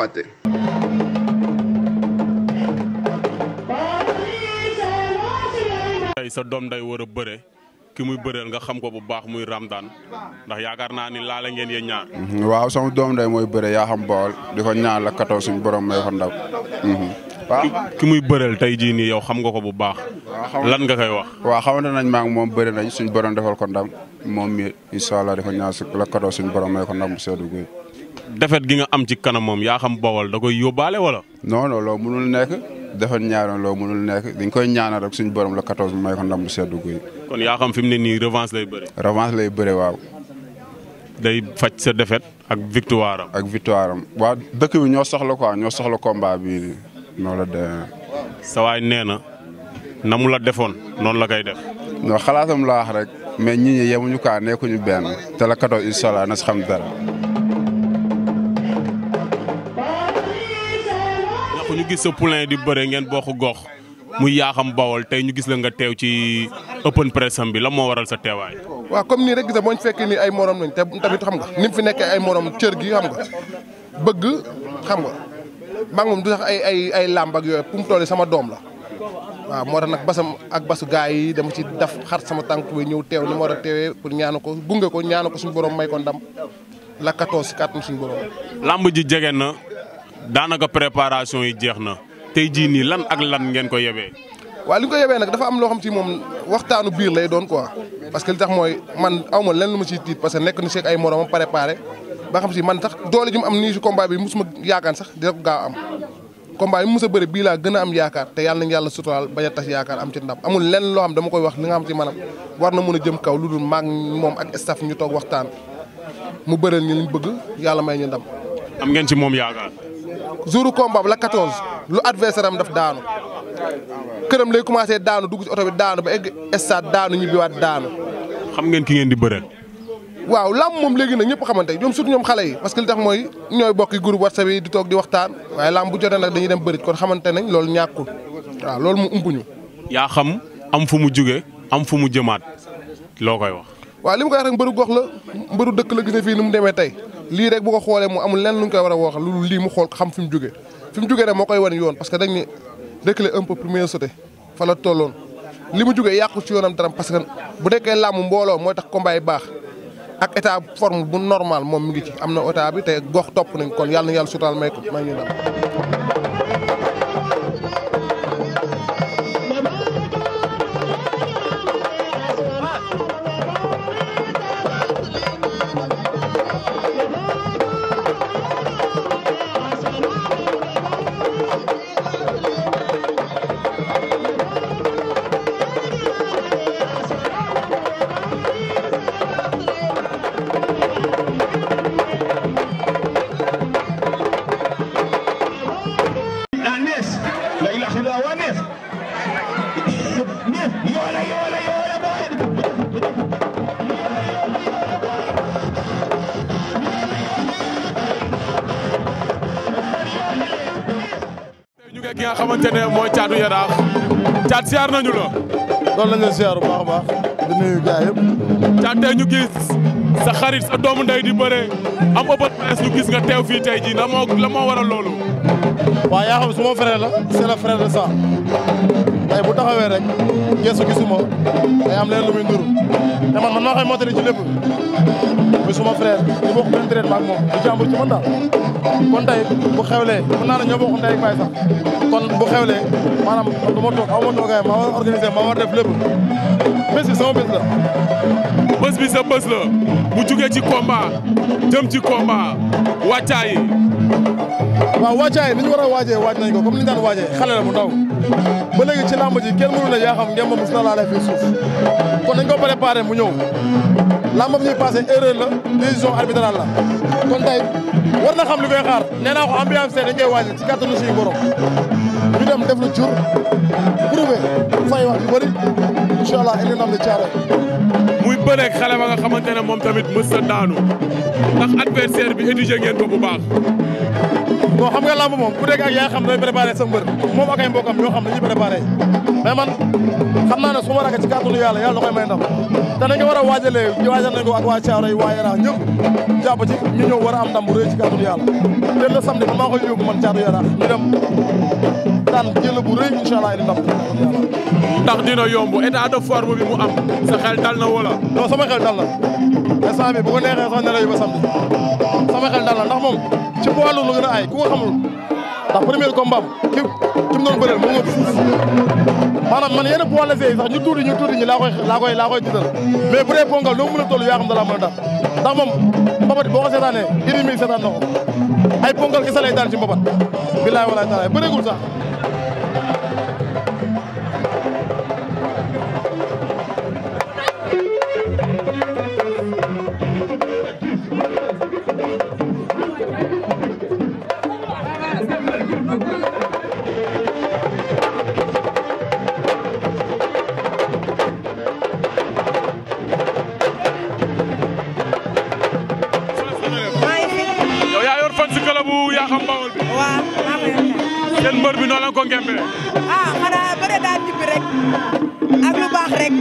Empate. tey sa doom day war a bëre ki muy bëreel nga xam ko bu baax muy Ramdan ndax yaakaar naa ni laale ngeen yéen ñaar. Mhm. waaw sama doom day mooy bëre yaa xam bool di ñaan la katoo suñu borom may ko ndaw. Mhm. ki muy bëreel tey jii nii yow xam nga ko bu baax. lan nga koy wax. waaw xamante nañ maa ngi moom bëri nañ suñu borom defal ko ndam moom mi incha allah di ñaan la katoo suñu borom may ko ndam bu seedu defet gi nga am ci kanamam yaa xam bawal da koy yóbbaale wala. non non loolu mënul nekk defet ñaaroon mënul nekk dañ koy ñaanal rek suñu borom la 14 may ko ndam bu sedd guy. kon yaa xam fi mu ne nii revanche lay bëre. revanche lay bëre waaw. day faj sa defet ak victoire ak victoire am waa dëkk bi ñoo soxla quoi ñoo soxla combat bi noonu la demee. sa waay nee na na mu la defoon noonu la koy def. non xalaatam la wax rek mais ñi ñi yemuñu quoi nekkuñu benn te la 14 incha na si gis sa poulain di beure ngeen bokk gox muy yaaxam bawol tay ñu gis la nga tew ci open press am bi la mo waral sa teway wa comme ni rek gis moñ fekk ni ay morom lañ te tamit xam nga nim fi nekk ay morom cieur gi xam nga bëgg xam nga maa ngi du sax ay ay ay lamb ak yoy pum mu sama dom la. wa mo tax nak basam ak basu gaay yi dama ci daf xar sama tank way ñew tew ni mo war tewé pour ñaanu ko gunge ko ñaanu ko suñu borom may ko ndam la 14 kàttan suñu borom. lamb ji jégen na danaka préparation yi jeexna tay ji ni lan ak lan ngeen ko yebee. wa li ko Pas nak dafa am lo xam ci mom waxtanu biir lay doon quoi parce que tax moy man awma len luma ci tit parce que nek ni chek ay moromam préparer ba xam ci man tax doole jum am ni ci combat bi musuma yaakaar sax dina ko gaaw am. combat bi musa beure bi la gëna am yaakaar te yalla ngi yalla sutural ba ya tax yaakaar am ci ndam amul len lo xam dama koy wax li nga xam ci manam war na jëm kaw luddul mag mom ak staff ñu tok waxtan mu bëral ni liñ bëgg yalla may ñu ndam. am ngeen ci moom yaakaar. jouru combat la 14 lu adversaire am daf daanu këram lay commencé daanu dugg ci oto bi daanu ba egg stade daanu ñibbiwaat daanu. xam ngeen ki ngeen di bëre. waaw làmb moom léegi nag ñëpp xamante ñoom surtout ñoom xale yi parce que li tax mooy ñooy bokki groupe WhatsApp yi di toog di waxtaan waaye làmb bu jotee nag dañuy dem bëri kon xamante nañ loolu ñàkkul waaw loolu mu umpuñu. yaa xam am fu mu jóge am fu mu jëmaat loo koy wax. waaw li ma koy wax rek mbëru gox la mbëru dëkk la gis ne fii ni mu demee tey lii rek bu ko xoolee mu amul lenn lu ñu koy war a woo xam loolu lii mu xool xam fi mu jógee fi mu jógee moo koy wan yoon parce que dañ ne reculer un peu première sauté la tolloon li mu jógee yàqu si yoonam dara parce que bu nekkee làmb mbooloo mooy tax combat yi baax ak état forme bu normal moom mi ngi ci am na état bi te gox topp nañ kon yàlla na yàlla sutaal may ko may ñu caat siyaar nañu la. loolu la ñu siyaar baax a baax di nuyu gars yëpp. caat tey ñu gis sa xarit sa doomu ndey di bëre am open presse ñu gis nga teew fii tey jii la moo la moo waral loolu. waaw yaa xam suma frère la c'est le frère tey bu taxawee rek geesu gisuma day am leen lu muy nduru te man man maa koy mottali ci lépp muy suma frère ñu bokk benn traite maag moom bu xewlee mën naa ne ñoo bokk ndey ak baay sax kon bu xewlee maanaam du ma toog aw ma toogaay maa war organisé maa war def bés bi sama bés la sa bés la bu jugee ci combat jëm ci combat wàccaa waaw waajaay ni ñu war a waajee waaj nañ ko comme ni ñu daan waajee mu ndaw ba léegi ci làmb ji kenn mënu ne yaa xam ngeen ma mos na laa lay fii suuf kon dañ ko préparé mu ñëw làmb bi ñuy passé erreur la décision arbitrale la kon tey war na xam li koy xaar nee naa ko ambiance dañ koy waajee ci kàttanu suñu borom ñu dem def lu jur prouvé fay wax yu bëri incha allah indi ndam li caare muy bëreeg xale ba nga xamante moom tamit mës sa ndax adversaire bi étudier ngeen ko bu bon xam nga lamb moom ak yaa xam ne dañuy préparé sa mbër moom ak xam dañuy préparé mais man xam naa ne su ma ragal ci kàttanu yàlla yàlla da koy may ndam te nañ ko war a waajalee waajal nañ ko ak waa Thiaroye waa Yaraax ñëpp jàpp ci ñu ñëw war a am ndam bu rëy ci kàttanu yàlla te le maa koy yóbbu man Thiaroye Yaraax ñu daan jël bu rëy incha allah indi ndam ndax dina yomb état de forme bi mu am sa xel dal na wala. non sama xel dal na instant bi bu ko neexee sax ne la yu ba samedi sama xel dal na ndax moom ci poids lourd la gën a aay ku nga xamul ndax premier combat am ki ki mu doon bëreel mu nga fuuf maanaam man yenn poids légers yi sax ñu tuuti ñu tuuti ñu laa koy laa koy laa koy jiital ponkal loo mën a toll yaa xam da a ndax moom mbabat boo ko seetaanee iri mi seetaan ay ponkal kese lay daan ci mbabat bilaay Kébé. ah xanaa bëre daan ñibbi rek ak lu baax rek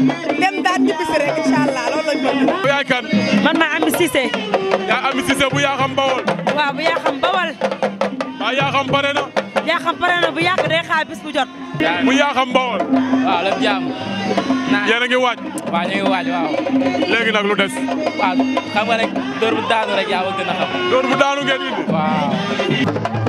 dem daan ñibbi rek incha allah loolu bu yaay kan. man maa Ami yaa Ami bu yaa bawol. waaw bu yaa bawol. waaw yaa xam pare na. yaa xam pare na bu yàgg day xaar bis bu jot. bu yaa bawol. waaw lépp jàmm. naa yéen a ngi waaj. waaw ñu ngi waaj waaw. léegi nag lu des. waaw xam rek dóor bu daanu rek yaa ko gën a bu daanu ngeen indi.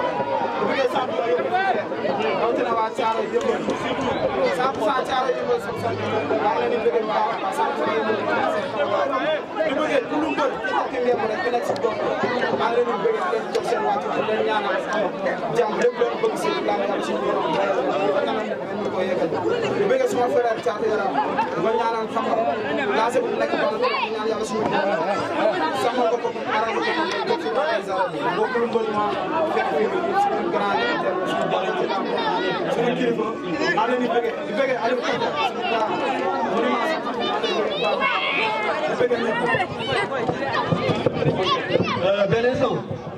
bëggee Samba la yëpp rawatina waa Thiaroye yëmbal 100% Thiaroye yëmbal sama sant maa ngi leen di bëggee bu baax a baax sant maa ngi leen di bëggee ku lu mbër ki takk ngemb rek ki nekk si gox maa ngi leen di bëggee di leen jox seen wàcc di leen ñaanal jàmm lépp loolu bëgg si la nga am si ñu kanam ñu ko yeggal di bëggee suma frère Thiatou Yaram ba ñaanal xam nga lancé bu nekk wala ñaan yàlla suñu sama bopp arab ko ko ko ko ko ko ko ko ko ko ko ko ko encouragé suñu jëriñu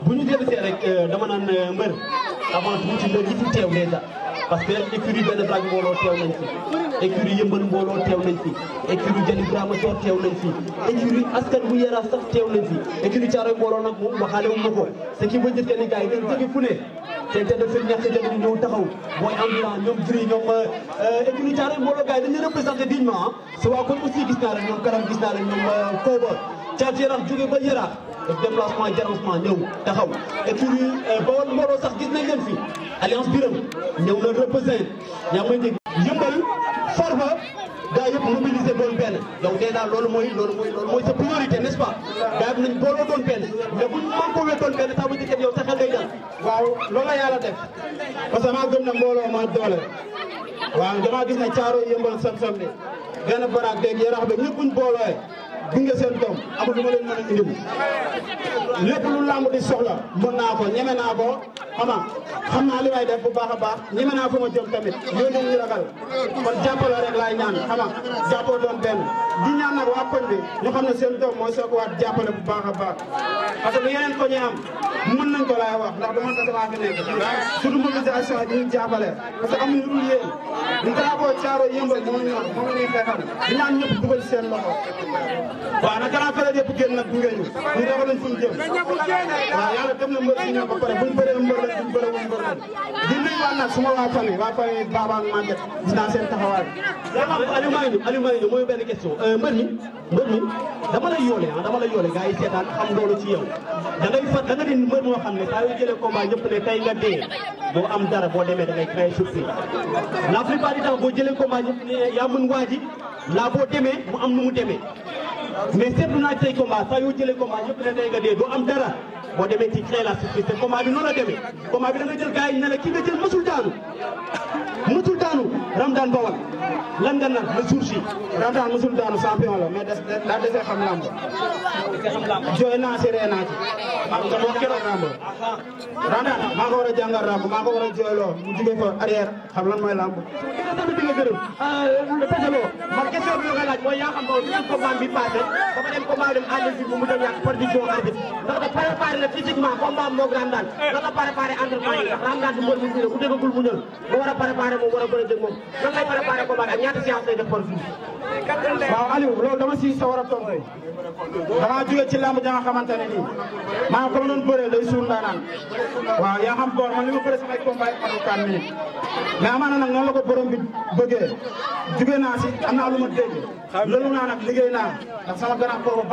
bu ñu dellu see rek dama naan mbër avant tout ci mbër yi fi teew déjà parce que écurie benn bag mbooloo teew nañ fi écurie mbooloo teew nañ fi écurie Jali Ibrahima Thior teew nañ fi écurie askan bu Yaraaf sax teew nañ fi écurie Thiaroye mbooloo nag moom waxaale wu ma ko ce qui ni gars yi dañ jóge fu te te de fii ñàkk jëm ñëw taxaw mooy ambulant ñoom gris ñoom écurie Thiaroye mbooloo gars yi dañuy représenté dignement ah. sa waa kon aussi gis naa leen ñoom kanam gis naa euh, Kooba Thiat Yaraax jóge ba Yaraax def déplacement jarosement ñëw taxaw écurie euh, Bawol mbooloo sax gis nañ leen fi alliance Birame ñëw la représenté ñaa may dégg yëmbal Farba gars yëpp mobiliser doon benn donc déjà loolu mooy loolu mooy loolu mooy sa priorité n'est-ce pas gars yëpp nañ booloo doon benn mais buñ mën ko wee doon benn ça veut dire que yow sa xel day dal waaw loolu la yàlla def parce que maa na mbooloo ma doole waaw damaa gis ne caaro yëmbal sam de benn baraak beeg yarax beeg ñëpp buñ booloo gunge seen doom amul lu leen mën a indil lu làmb di soxla mën naa ko ñeme naa ko xama xam naa li may def bu baax baax ñeme naa fu ma jëm tamit loolu ñu ragal kon jàppaloo rek laay ñaan xama jàppoo doon benn di ñaan nag waa koñ bi ñu xam ne seen doom mooy soo ko waat jàppale bu baax a baax parce que lu yeneen ko ñu am mën nañ ko laay wax ndax dama kese maa fi nekk surtout mobilisation bi ñu jàppale parce que amuñu lu dul yéen ñu drapeau caaro yëmbal moom ñoom moom la ñuy xeexal waaw nag grand frère yëpp génn nag gunge ñu ñu defal leen suñu jëm dem na mbër yi ñoo ba pare buñ bëree mbër lañ buñ naa seen taxawaay Aliou dama lay yoole ah, dama lay yoole gars yi seetaan xam loolu ci yow da ngay fa da di mbër moo xam ne saa yoo jëlee combat ñëpp boo am dara boo demee da ngay créé surprise boo jëlee combat ñëpp ne yaa mën waa ji boo demee mu am nu mu demee mais seetlu naa say combat saa yoo jëlee combat ñëpp ne day nga dee doo am dara boo demee ci créer la surprise combat bi noonu la demee combat bi da nga jël gars yi ne la jël mësul daanu mësul daanu Ramdan London nag le jour J Ramdan daanu champion la mais xam lamb si ree ci am nga moo keroog lamb Ramdan maa ko war a jàngal lamb ko war a mu jugee ko arrière xam lan mooy lamb kenn tamit di nga gërëm Pétalo man question bi nga laaj mooy yaa xam moom ci combat bi passé dafa dem combat dem ànd fi mu dem yàq production arbitre ndax da préparé physiquement combat la entraînement ndax mu lay ko baag ak ñaata séance lay def par jour waaw Aliou loolu dama si sa war a tontu dama jóge ci làmb ja nga xamante ne nii maa ko doon bëree day suur ndaanaan waaw yaa xam boor man li ma bëree samay combat yi amul quatre minutes mais amaana nag noonu la ko borom bi bëggee jóge naa si am naa lu ma dégg loolu sama grand corps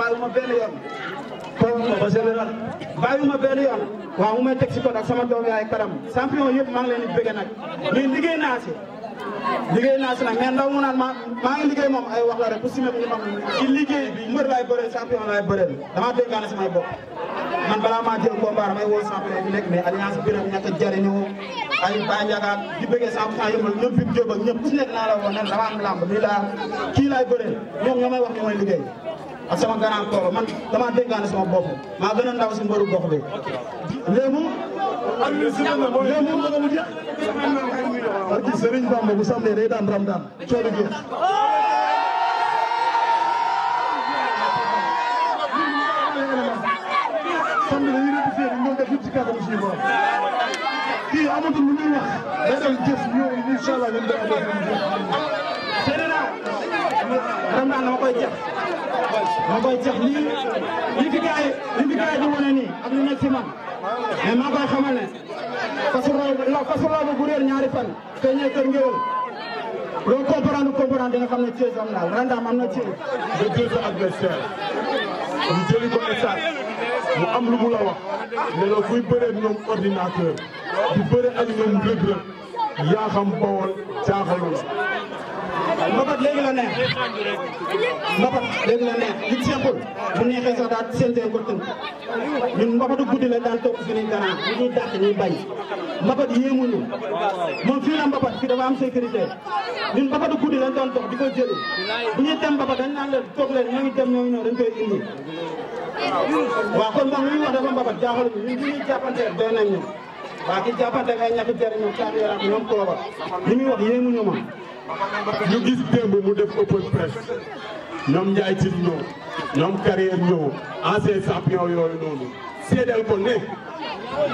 karam champion yëpp maa ngi leen di bëgg nag mais liggéey liggéey naa si nag mais ndaw mu naan ma maa ngi liggéey moom ay wax la rek pour si même ñu xam ci liggéey bi mbër laay bëreel champion laay bëreel damaa dénkaane samay bopp man balaa maa jël combat damay woo champion bi nekk mais alliance bi nag ñàkk a jariñoo ay Baye Ndiaga di bëggee cent pour cent yëmbal fi mu jóg ak ñëpp ku naa la woo ne dama am laa kii laay bëreel ñoom ñoo may wax ne mooy liggéey ak sama grand corps man damaa dénkaane sama a si mbëru gox bi léemu léemu barki Serigne Bamba bu sàmmee day daan ram daan coono jeex samedi dañuy rectifié bi ñoom def yëpp ci kàddu suñu borom kii amatul lu muy wax day dem jëf ñëw incha allah ñoom dafa def ñu jëf ram daan dama koy jeex dama koy jeex lii li fi gars yi li fi gars yi di wane nii ak lu nekk ci man mais maa koy xamal ne fasu raw la fasu raw bu réer ñaari fan te ñëw kër ngéwél loo comprendre comprendre di nga xam ne Thiès am na rendam na Thiès nga jël sa adversaire ko état mu am lu mu la wax ne la fuy bëree ñoom ordinateur di bëre ak ñoom rëg-rëg bawol jaaxalul mbapat léegi la neex mbapat léegi Ini neex Ini simple bu neexee sax Ini seentee ko tënk ñun mbapatu ini la ini topp suñuy gannaaw ñu ñuy dàq ñuy bañ mbapat yéemuñu Ini fii la mbapat fi dafa am sécurité ñun mbapatu guddi lañ doon dox di ko Ini bu ñuy dem mbapat ini naan ini toog ini ini. ngi dem ñoo ngi ñëw ini ini indi waaw kon moom li ñuy wax dafa mbapat jaaxalu Ini ñun li ñuy jàppantee doy nañ ñu waa ki jàppante ngay ñàkk jëriñu caatu yaram ñoom kooba li muy wax yéemuñu ma ñu gis démb mu def open press ñoom Ndiaye Tine ñëw ñoom carrière ñëw ancien champion yooyu noonu seedeel ko ne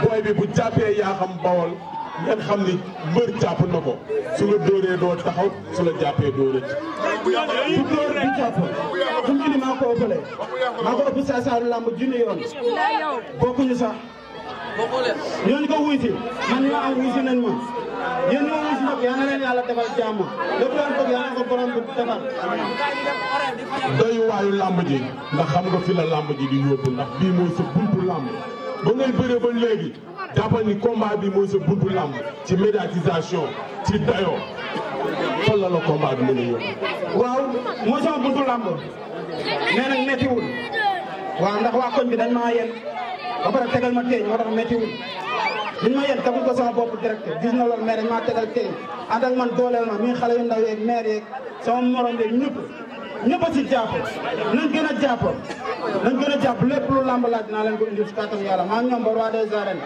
booy bi bu jàppee yaa xam bawol ngeen xam ni mbër jàpp na ko su la dóoree doo taxaw su la jàppee dóoree bu dóor bi jàpp dum indi maa ko ëppale maa ko ëpp saasaaru làmb junni yoon bokkuñu sax ñooñu ko wuy si man ñoo am wuy si nañ ma yaa na leen yàlla defal jàmm lépp leen bëgg yaa na ko borom bi defal doy làmb ji ndax xam nga fi la làmb ji di bii mooy sa buntu làmb ba ngay bëree ba léegi jàppal ni bi mooy sa buntu làmb ci médiatisation ci dayoo fan la la bi mën a yóbbu waaw mooy sama buntu làmb nee nag méttiwul waaw ndax waa koñ bi dañ maa yen ba pare tegal ma teeñ moo tax méttiwul liñ ma yéen tegul ko sama bopp direct gis na loolu tegal këyit ànd ak man dooleel ma mi xale yu ndaw yeeg maire yeeg sama morom yeeg ñëpp ñëpp a si nañ gën a nañ gën a jàpp lu làmb laaj naa leen ko indil si kàttan yàlla maa ñoom ba roi des arènes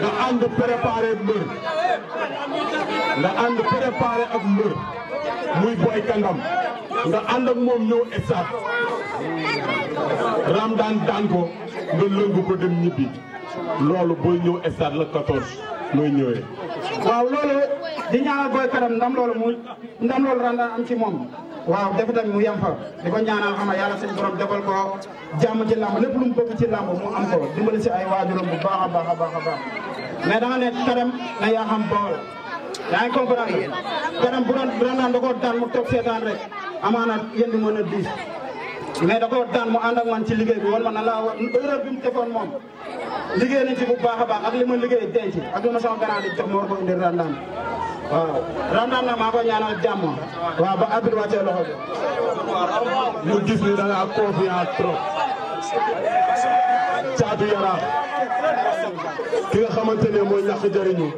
nga ànd préparé mbër nga ànd préparé ak mbër muy Boy Kangam nga ànd ak moom ñëw stade Ramdan daan ko nga lëngu ko dem ñibbi loolu booy ñëw stade la 14 mooy ñëwee. waaw loolu di ñaanal Boy Kangam ndam loolu mu ndam loolu Ramdan am ci moom. waaw def mu yem fa di ko ñaanal xam nga yàlla suñu borom defal ko jàmm ci làmb lépp lu mu mu am ko dimbali si ay waajuram bu baax a baax a baax a danga ne Karam na yaa xam bool. yaa ngi comprendre kanam bu bu doon daan da koo daan mu toog seetaan rek amaana yéen bi mën a diis mais da koo daan mu ànd ak man ci liggéey bi wala man na war erreur bi mu defoon moom liggéey nañ ci bu baax a baax ak li ma liggéey denc ak li ma sama garant di jox ma war ko indi randaan waaw randaan na maa ko ñaanal jàmm waaw ba abir wàccee loxo bi ñu gis ni da nga confiance trop caatu yaraax ki nga xamante ne mooy ñàkk jëriñu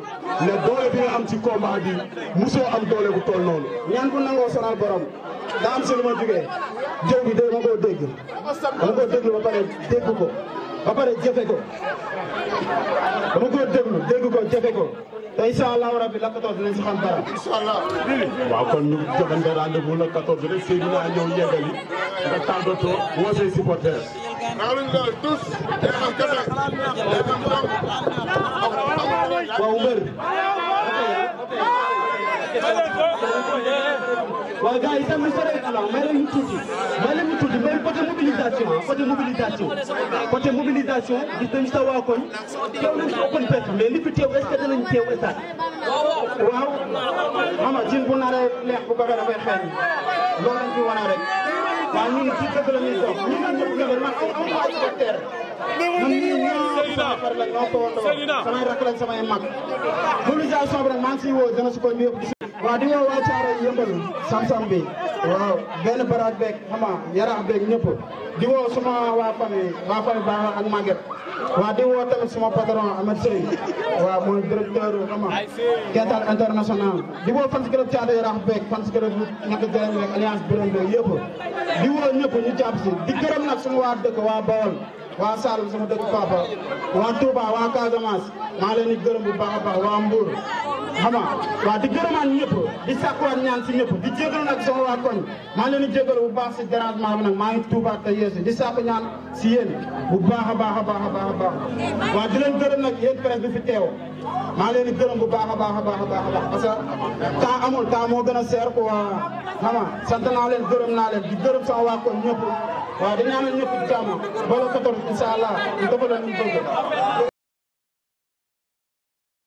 ne bi nga am ci combat bi musoo am doole bu toll noonu. ñaan bu nangoo sonal borom am seen ma jugee jëw bi dama koo dégg dama koo déglu ba pare dégg ko ba pare jëfe ko dama koo déglu dégg ko jëfe ko. te incha allahu rabi la 14 dinañ si xam dara. incha allah. waaw kon ñu joxante rendez-vous la 14 rek Seydina ñëw yeggali nga tàggatoo woo say rawaluñ loolu tous day am kese day am ndam waaw mbër waaw gars yi tam ñu sori alors may leen ñu tuuti may leen ñu tuuti mais côté mobilisation côté mobilisation côté mobilisation gis nañu sa waa koñ teew nañu open press mais li fi teew est-ce que danañ teew stade waaw mama jin bu naree leex bu ko dafay xeeñ loolu lañ fi wane waaw ñun ci dëkk la ñuy toog ñun ñëpp ñu ne man aw aw ma adversaire. man mii ñaar par la samay rakk samay mag. mobilisation bi nag maa ngi siy woo dana si ko ñëw. waaw di ñëw waa Thiaroye yëmbal sam waaw benn baraat beeg xama yaraax beeg ñëpp di woo suma waa famille waa famille baax ak Maguette waaw di woo tamit suma patron Amath Sey waaw mooy directeur xama Ketal international di woo fans club Thiatou Yarakh beeg fans club ñàkk jërëm yëpp di ñëpp ñu jàpp di gërëm nag suma waa dëkk waa Bawol waa Saloum sama dëkk papa waa Touba waa Casamance maa leen di gërëm bu baax a baax waa Mbour xam waa di gërëmaan ñëpp di sakkuwaat ñaan si ñëpp di jégalu nag sama waa koñ maa leen di bu baax si dérangement bi nag maa ngi Touba te yeesu di sakku ñaan si yéen bu baax a baax a baax a baax a baax di leen gërëm nag yéen presse bi fi teew maa leen di gërëm bu baax a baax a baax a parce que temps amul temps moo gën a seer quoi xam nga sant naa leen gërëm naa leen di gërëm sama waa koñ ñëpp waa di ñaanal ñëpp jàmm bala 14 incha allah ñu defal leen ñu bëgg